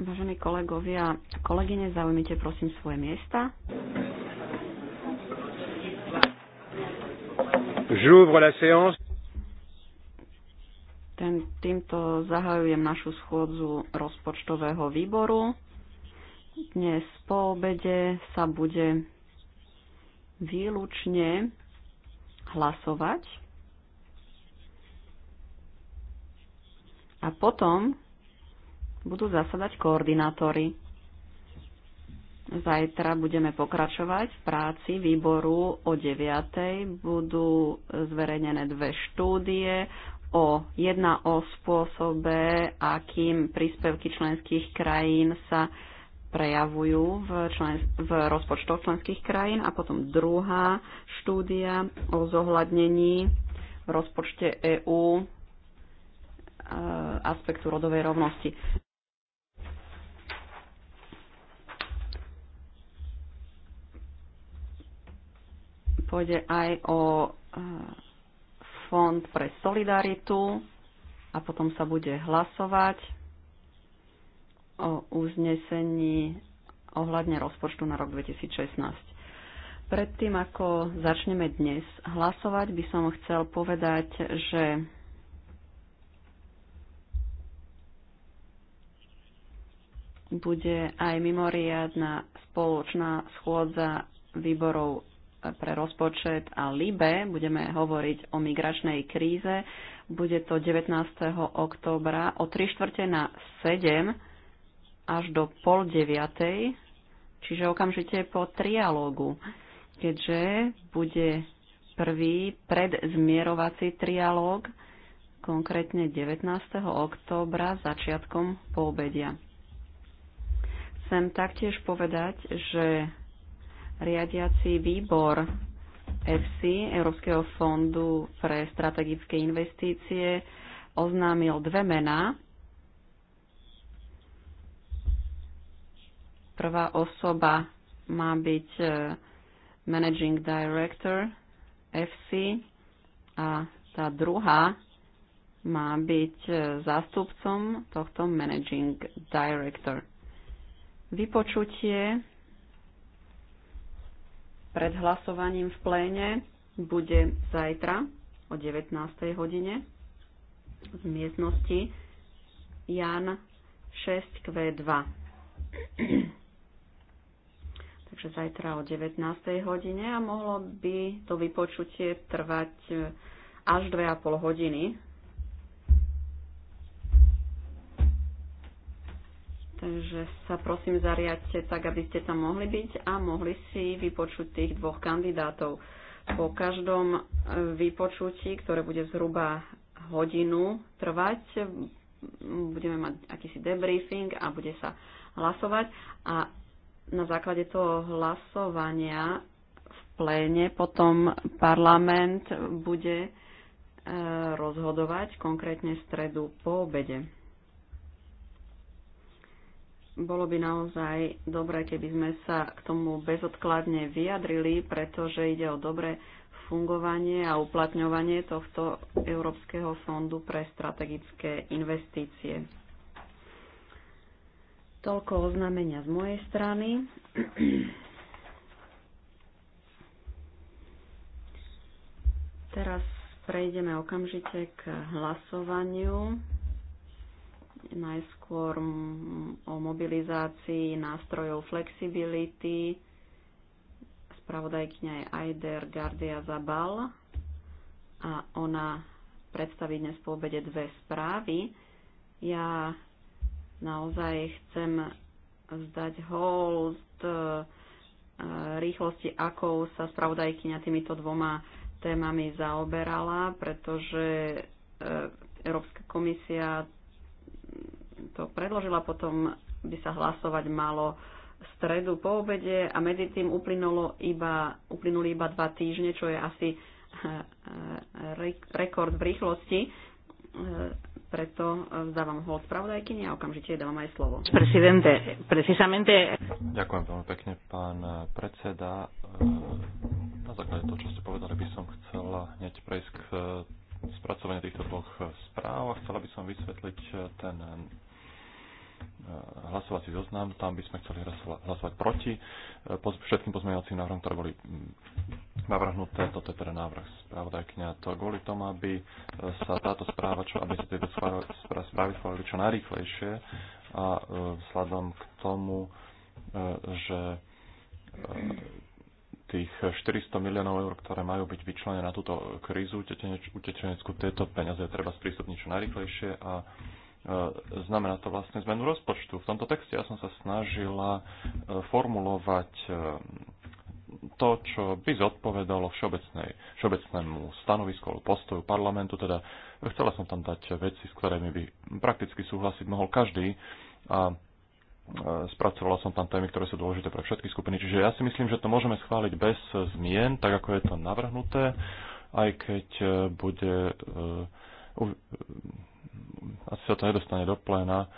Vážení kolegovia, kolegyne, zaujmite prosím svoje miesta. J'ouvre la séance. Ten, týmto zahajujem našu schôdzu rozpočtového výboru. Dnes po obede sa bude výlučne hlasovať a potom budú zasadať koordinátory. Zajtra budeme pokračovať v práci výboru o 9. Budú zverejnené dve štúdie o, jedna o spôsobe, akým príspevky členských krajín sa prejavujú v, člen, v rozpočtoch členských krajín a potom druhá štúdia o zohľadnení v rozpočte EÚ e, aspektu rodovej rovnosti. Pôjde aj o e, Fond pre solidaritu a potom sa bude hlasovať o uznesení ohľadne rozpočtu na rok 2016. Predtým, ako začneme dnes hlasovať, by som chcel povedať, že bude aj mimoriadna spoločná schôdza výborov pre rozpočet a LIBE. Budeme hovoriť o migračnej kríze. Bude to 19. októbra o 3 štvrte na 7 až do pol 9. Čiže okamžite po trialógu, keďže bude prvý predzmierovací trialóg, konkrétne 19. októbra začiatkom poobedia. Chcem taktiež povedať, že riadiaci výbor FC, Európskeho fondu pre strategické investície, oznámil dve mená. Prvá osoba má byť e, Managing Director FC a tá druhá má byť e, zástupcom tohto Managing Director. Vypočutie pred hlasovaním v pléne bude zajtra o 19. hodine v miestnosti Jan 6Q2. Takže zajtra o 19. hodine a mohlo by to vypočutie trvať eh, až 2,5 hodiny, Takže sa prosím zariadte tak, aby ste tam mohli byť a mohli si vypočuť tých dvoch kandidátov. Po každom e, vypočutí, ktoré bude zhruba hodinu trvať, budeme mať akýsi debriefing a bude sa hlasovať a na základe toho hlasovania v pléne potom parlament bude e, rozhodovať konkrétne stredu po obede bolo by naozaj dobré, keby sme sa k tomu bezodkladne vyjadrili, pretože ide o dobré fungovanie a uplatňovanie tohto Európskeho fondu pre strategické investície. Toľko oznámenia z mojej strany. Teraz prejdeme okamžite k hlasovaniu najskôr o mobilizácii nástrojov flexibility. Spravodajkňa je Aider Gardia Zabal a ona predstaví dnes po obede dve správy. Ja naozaj chcem zdať hold e, rýchlosti, akou sa spravodajkyňa týmito dvoma témami zaoberala, pretože e, Európska komisia to predložila, potom by sa hlasovať malo v stredu po obede a medzi tým uplynulo iba, uplynuli iba dva týždne, čo je asi eh, eh, rekord v rýchlosti. Eh, preto vzdávam od spravodajkyni a okamžite dávam aj slovo. precisamente... Ďakujem veľmi pekne, pán predseda. Na základe toho, čo ste povedali, by som chcela hneď prejsť k spracovaniu týchto dvoch správ a chcela by som vysvetliť ten E, hlasovací zoznam, tam by sme chceli hlasovať proti e, všetkým pozmeňovacím návrhom, ktoré boli mm, navrhnuté. Toto je teda návrh spravodajkňa. To kvôli tomu, aby e, sa táto správa, čo, aby sa tieto správy schválili čo najrýchlejšie a vzhľadom k tomu, že tých 400 miliónov eur, ktoré majú byť vyčlenené na túto krízu utečeneckú, tieto peniaze treba sprístupniť čo najrychlejšie a E, znamená to vlastne zmenu rozpočtu. V tomto texte ja som sa snažila e, formulovať e, to, čo by zodpovedalo všeobecnému stanovisku alebo postoju parlamentu. Teda chcela som tam dať veci, s ktorými by prakticky súhlasiť mohol každý a spracovala som tam témy, ktoré sú dôležité pre všetky skupiny. Čiže ja si myslím, že to môžeme schváliť bez zmien, tak ako je to navrhnuté, aj keď bude asi sa to nedostane do pléna. E,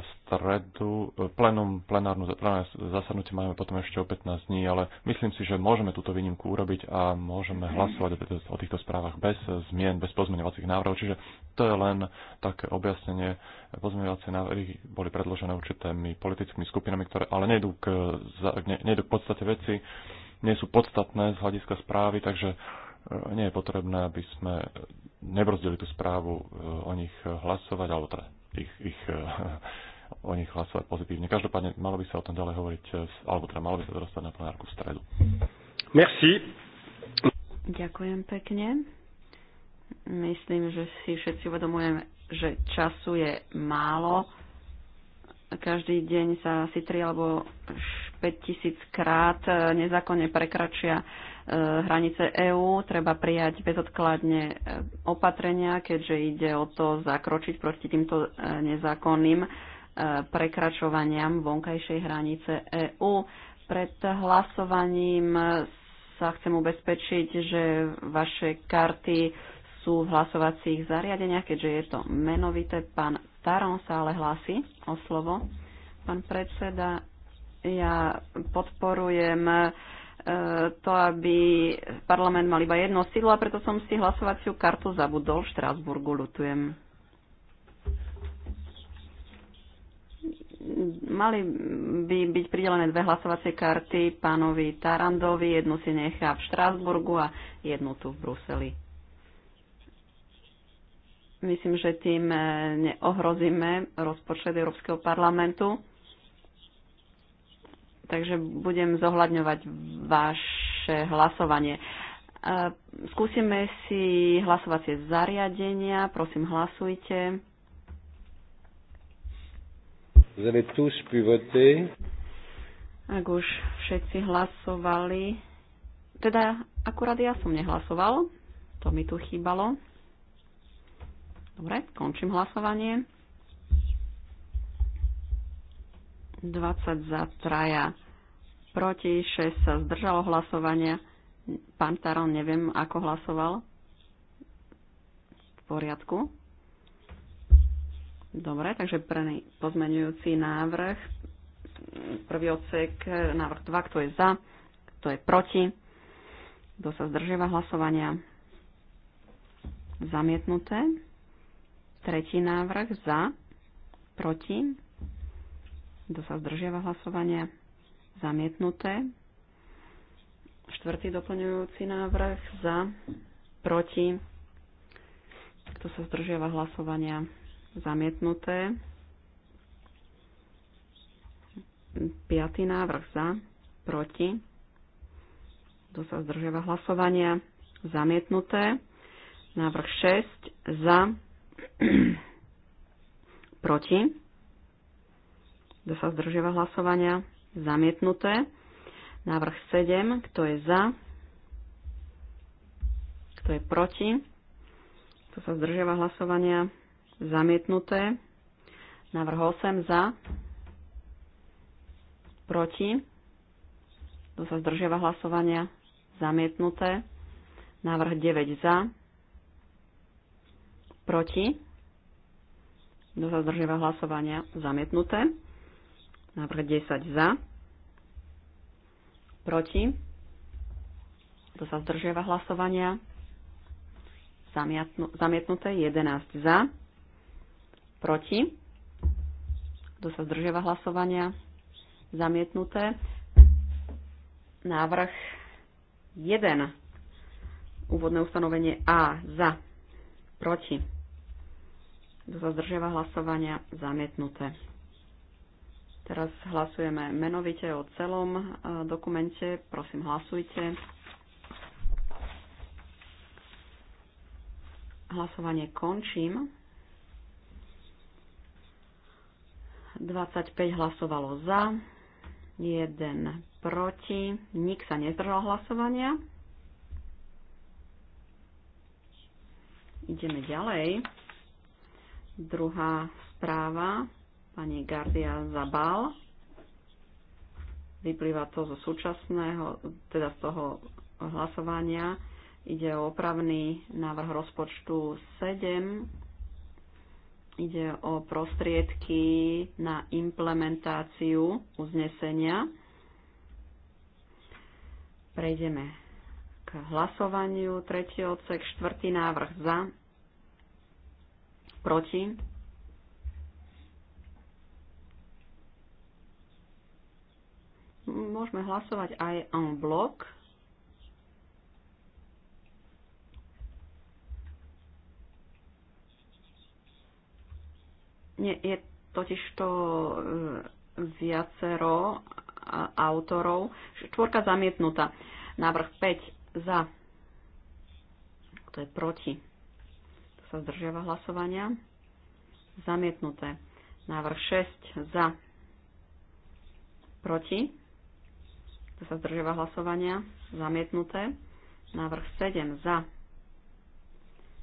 v stredu, e, plenum, plenárnu, plenárne zasadnutie máme potom ešte o 15 dní, ale myslím si, že môžeme túto výnimku urobiť a môžeme mhm. hlasovať o, týchto, správach bez zmien, bez pozmeňovacích návrhov. Čiže to je len také objasnenie. Pozmeňovacie návrhy boli predložené určitými politickými skupinami, ktoré ale nejdú k, nejdú k podstate veci, nie sú podstatné z hľadiska správy, takže nie je potrebné, aby sme nebrzdili tú správu e, o nich hlasovať, alebo teda ich, ich, e, o nich hlasovať pozitívne. Každopádne malo by sa o tom ďalej hovoriť, e, alebo teda malo by sa dostať na plenárku v stredu. Merci. Ďakujem pekne. Myslím, že si všetci uvedomujeme, že času je málo. Každý deň sa asi 3 alebo 5 tisíc krát nezákonne prekračia E, hranice EÚ. Treba prijať bezodkladne e, opatrenia, keďže ide o to zakročiť proti týmto e, nezákonným prekračovaniam vonkajšej hranice EÚ. Pred hlasovaním sa chcem ubezpečiť, že vaše karty sú v hlasovacích zariadeniach, keďže je to menovité. Pán Taron sa ale hlási o slovo. Pán predseda, ja podporujem E, to, aby parlament mal iba jedno sídlo a preto som si hlasovaciu kartu zabudol v Štrásburgu, ľutujem. Mali by byť pridelené dve hlasovacie karty pánovi Tarandovi, jednu si nechá v Štrásburgu a jednu tu v Bruseli. Myslím, že tým e, neohrozíme rozpočet Európskeho parlamentu takže budem zohľadňovať vaše hlasovanie. E, skúsime si hlasovacie zariadenia. Prosím, hlasujte. Ak už všetci hlasovali, teda akurát ja som nehlasoval, to mi tu chýbalo. Dobre, končím hlasovanie. 20 za, traja proti, 6 sa zdržalo hlasovania. Pán Taron, neviem, ako hlasoval. V poriadku. Dobre, takže pre pozmenujúci návrh, prvý odsek, návrh 2, kto je za, kto je proti, kto sa zdržiava hlasovania, zamietnuté. Tretí návrh, za, proti, kto sa zdržiava hlasovania? Zamietnuté. Štvrtý doplňujúci návrh za, proti. Kto sa zdržiava hlasovania? Zamietnuté. Piatý návrh za, proti. Kto sa zdržiava hlasovania? Zamietnuté. Návrh 6 za, proti kto sa zdržiava hlasovania? Zamietnuté. Návrh 7. Kto je za? Kto je proti? Kto sa zdržiava hlasovania? Zamietnuté. Návrh 8. Za? Proti? Kto sa zdržiava hlasovania? Zamietnuté. Návrh 9 za. Proti. Kto sa zdržiava hlasovania? Zamietnuté. Návrh 10 za. Proti. Kto sa zdržiava hlasovania? zamietnuté 11 za. Proti. Kto sa zdržiava hlasovania? Zamietnuté. Návrh 1. Úvodné ustanovenie A za. Proti. Kto sa zdržiava hlasovania? Zamietnuté. Teraz hlasujeme menovite o celom e, dokumente. Prosím, hlasujte. Hlasovanie končím. 25 hlasovalo za, 1 proti, nik sa nezdržal hlasovania. Ideme ďalej. Druhá správa pani Gardia Zabal. Vyplýva to zo súčasného, teda z toho hlasovania. Ide o opravný návrh rozpočtu 7. Ide o prostriedky na implementáciu uznesenia. Prejdeme k hlasovaniu. Tretí odsek, štvrtý návrh za, proti môžeme hlasovať aj en bloc. Nie, je totiž to e, viacero autorov. Štvorka zamietnutá. Návrh 5 za. Kto je proti? Kto sa zdržiava hlasovania? Zamietnuté. Návrh 6 za. Proti? Kto sa zdržiava hlasovania? Zamietnuté. Návrh 7 za.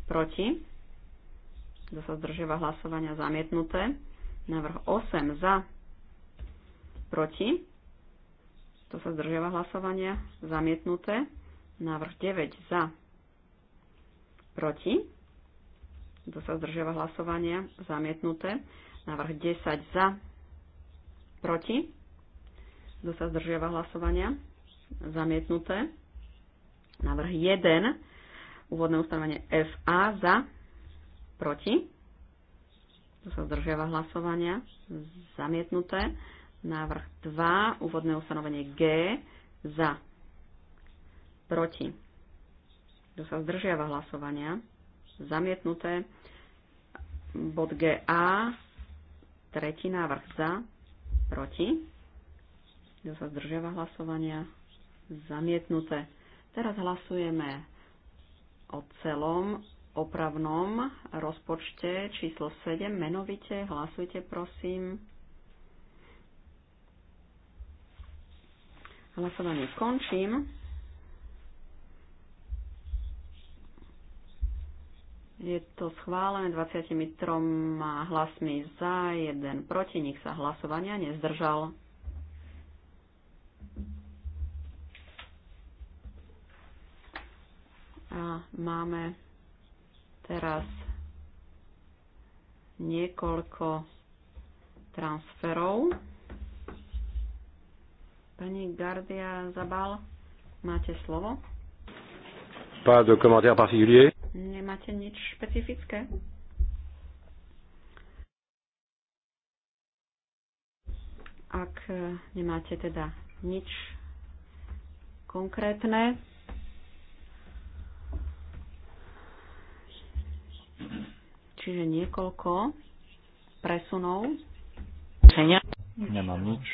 Proti. Kto sa zdržiava hlasovania? Zamietnuté. Návrh 8 za. Proti. Kto sa zdržiava hlasovania? Zamietnuté. Návrh 9 za. Proti. Kto sa zdržiava hlasovania? Zamietnuté. Návrh 10 za. Proti. Kto sa zdržiava hlasovania? Zamietnuté. Návrh 1. Úvodné ustanovenie FA za. Proti. Kto sa zdržiava hlasovania? Zamietnuté. Návrh 2. Úvodné ustanovenie G za. Proti. Kto sa zdržiava hlasovania? Zamietnuté. Bod GA. Tretí návrh za. Proti kto sa zdržiava hlasovania? Zamietnuté. Teraz hlasujeme o celom opravnom rozpočte číslo 7. Menovite hlasujte, prosím. Hlasovanie končím. Je to schválené 23 hlasmi za, jeden proti, nik sa hlasovania nezdržal. A máme teraz niekoľko transferov. Pani Gardia Zabal, máte slovo? Pas de commentaire particulier. Nemáte nič špecifické? Ak eh, nemáte teda nič konkrétne, Čiže niekoľko presunov. Nemám nič.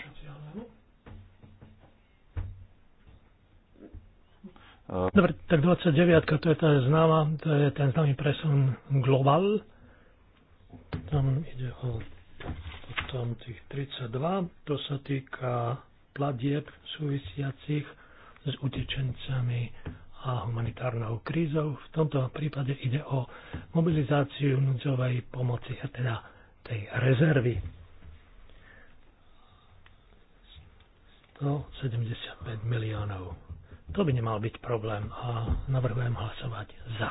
Dobre, tak 29, to je tá známa, to je ten známy presun Global. Tam ide o potom tých 32, to sa týka platieb súvisiacich s utečencami a humanitárnou krízou. V tomto prípade ide o mobilizáciu núdzovej pomoci, a teda tej rezervy. 175 miliónov. To by nemal byť problém a navrhujem hlasovať za.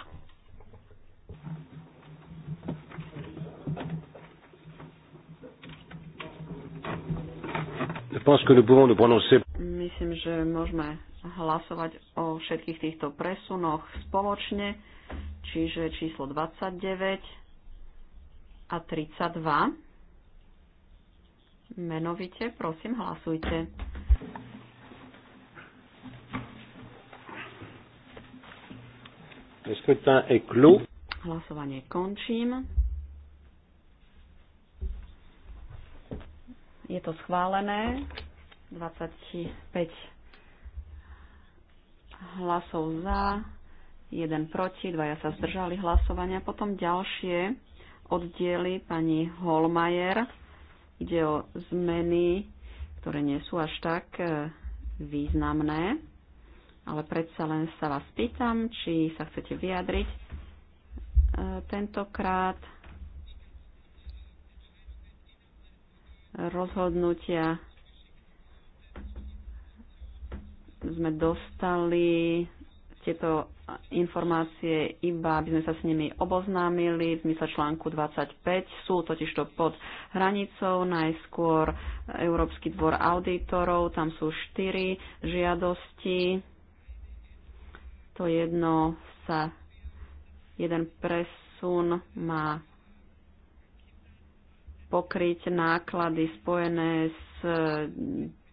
Je pense que nous pouvons nous prononcer Myslím, že môžeme hlasovať o všetkých týchto presunoch spoločne, čiže číslo 29 a 32. Menovite, prosím, hlasujte. Hlasovanie končím. Je to schválené. 25 hlasov za, jeden proti, dvaja sa zdržali hlasovania. Potom ďalšie oddiely pani Holmajer. Ide o zmeny, ktoré nie sú až tak e, významné, ale predsa len sa vás pýtam, či sa chcete vyjadriť e, tentokrát rozhodnutia sme dostali tieto informácie iba, aby sme sa s nimi oboznámili v zmysle článku 25. Sú totižto pod hranicou najskôr Európsky dvor auditorov, tam sú štyri žiadosti. To jedno sa, jeden presun má pokryť náklady spojené s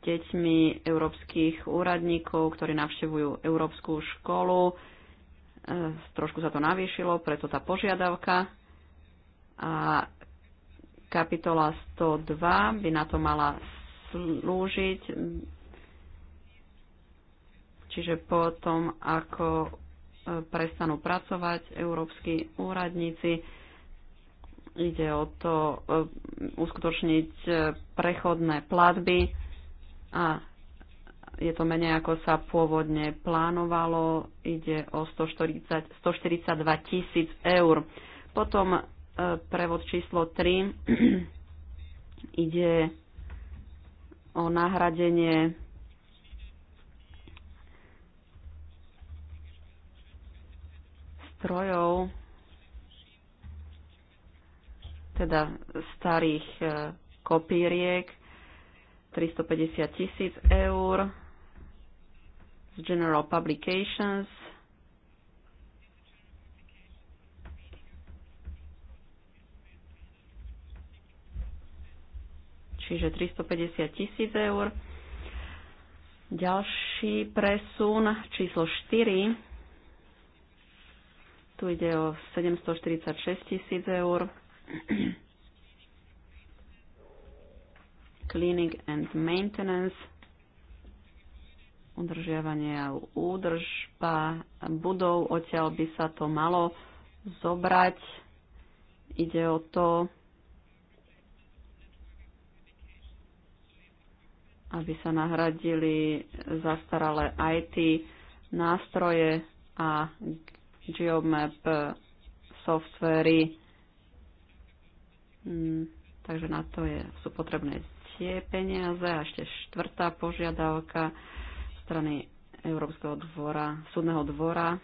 deťmi európskych úradníkov, ktorí navštevujú európsku školu. E, trošku sa to navýšilo, preto tá požiadavka. A kapitola 102 by na to mala slúžiť. Čiže potom, ako e, prestanú pracovať európsky úradníci, ide o to e, uskutočniť prechodné platby a je to menej ako sa pôvodne plánovalo, ide o 140, 142 tisíc eur. Potom e, prevod číslo 3 ide o nahradenie strojov, teda starých e, kopíriek 350 tisíc eur z General Publications. Čiže 350 tisíc eur. Ďalší presun číslo 4 tu ide o 746 tisíc eur cleaning and maintenance, udržiavanie a údržba budov, odtiaľ by sa to malo zobrať. Ide o to, aby sa nahradili zastaralé IT nástroje a geomap softvery. Mm, takže na to je, sú potrebné tie peniaze. A ešte štvrtá požiadavka strany Európskeho dvora, súdneho dvora.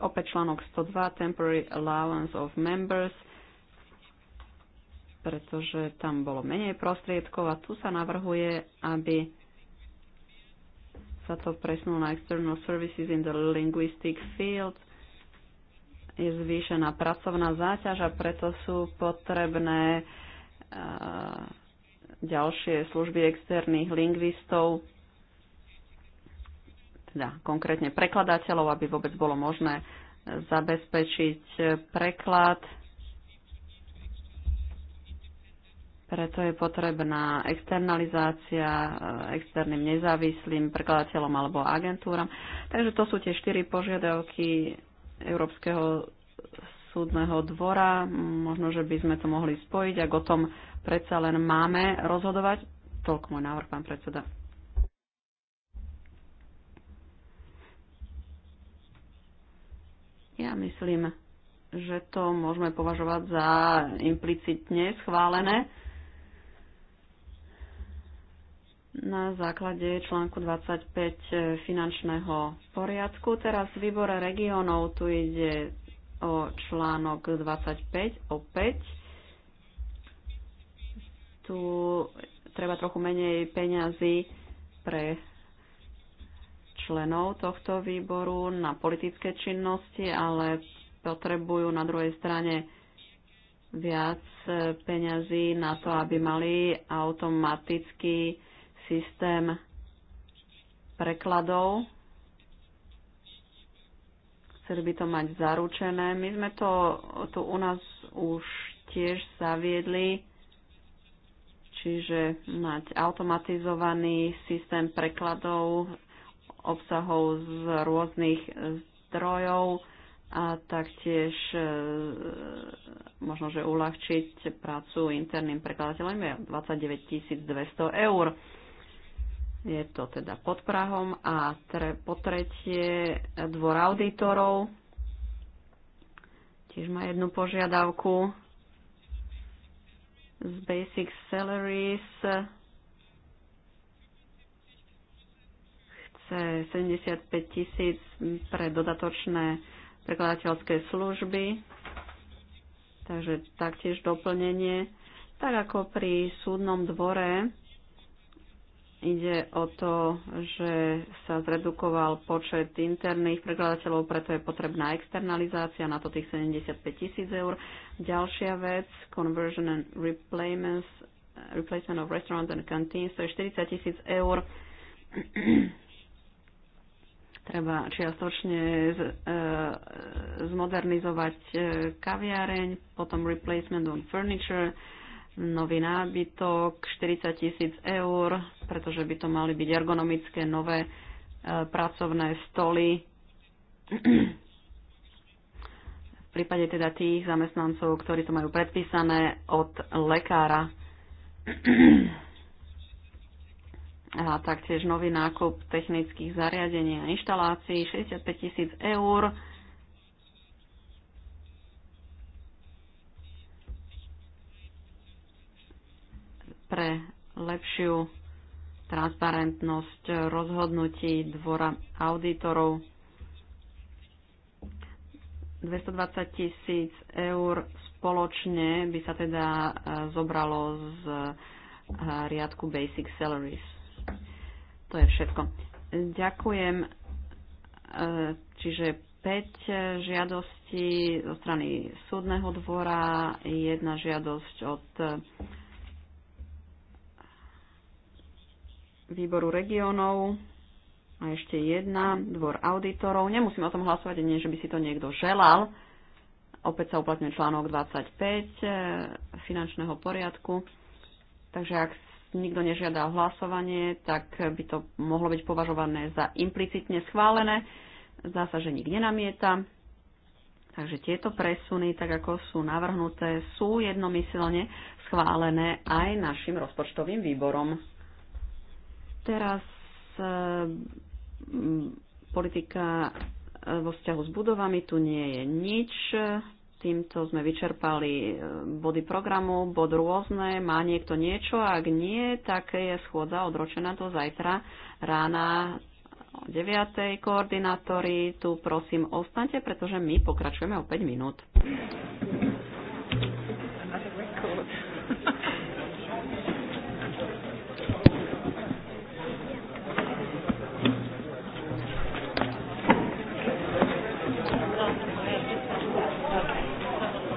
Opäť článok 102, Temporary Allowance of Members, pretože tam bolo menej prostriedkov a tu sa navrhuje, aby sa to presunulo na External Services in the Linguistic Field. Je zvýšená pracovná záťaž a preto sú potrebné ďalšie služby externých lingvistov, teda konkrétne prekladateľov, aby vôbec bolo možné zabezpečiť preklad. Preto je potrebná externalizácia eh, externým nezávislým prekladateľom alebo agentúram. Takže to sú tie štyri požiadavky Európskeho súdneho dvora. Možno, že by sme to mohli spojiť, ak o tom predsa len máme rozhodovať. Toľko môj návrh, pán predseda. Ja myslím, že to môžeme považovať za implicitne schválené na základe článku 25 finančného poriadku. Teraz v výbore regionov tu ide o článok 25 opäť. Tu treba trochu menej peňazí pre členov tohto výboru na politické činnosti, ale potrebujú na druhej strane viac peňazí na to, aby mali automatický systém prekladov chceli by to mať zaručené. My sme to tu u nás už tiež zaviedli, čiže mať automatizovaný systém prekladov obsahov z rôznych zdrojov a taktiež e, možno, že uľahčiť prácu interným prekladateľom je 29 200 eur je to teda pod Prahom a tre, po tretie dvor auditorov tiež má jednu požiadavku z Basic Salaries chce 75 tisíc pre dodatočné prekladateľské služby takže taktiež doplnenie tak ako pri súdnom dvore Ide o to, že sa zredukoval počet interných prekladateľov, preto je potrebná externalizácia na to tých 75 tisíc eur. Ďalšia vec, conversion and replacements, replacement of restaurants and canteens, to je 40 tisíc eur. Treba čiastočne z, e, zmodernizovať e, kaviareň, potom replacement on furniture, nový nábytok, 40 tisíc eur, pretože by to mali byť ergonomické nové e, pracovné stoly. V prípade teda tých zamestnancov, ktorí to majú predpísané od lekára. A taktiež nový nákup technických zariadení a inštalácií 65 tisíc eur pre lepšiu transparentnosť rozhodnutí dvora auditorov. 220 tisíc eur spoločne by sa teda e, zobralo z e, riadku Basic Salaries. To je všetko. Ďakujem. E, čiže 5 žiadostí zo strany súdneho dvora, jedna žiadosť od výboru regiónov a ešte jedna, dvor auditorov. nemusím o tom hlasovať, nie, že by si to niekto želal. Opäť sa uplatňuje článok 25 e, finančného poriadku. Takže ak nikto nežiada hlasovanie, tak by to mohlo byť považované za implicitne schválené. Zdá sa, že nik nenamieta. Takže tieto presuny, tak ako sú navrhnuté, sú jednomyselne schválené aj našim rozpočtovým výborom. Teraz e, politika e, vo vzťahu s budovami, tu nie je nič. Týmto sme vyčerpali e, body programu, bod rôzne, má niekto niečo, ak nie, tak je schôdza odročená do zajtra rána o 9. koordinátori. Tu prosím ostaňte, pretože my pokračujeme o 5 minút.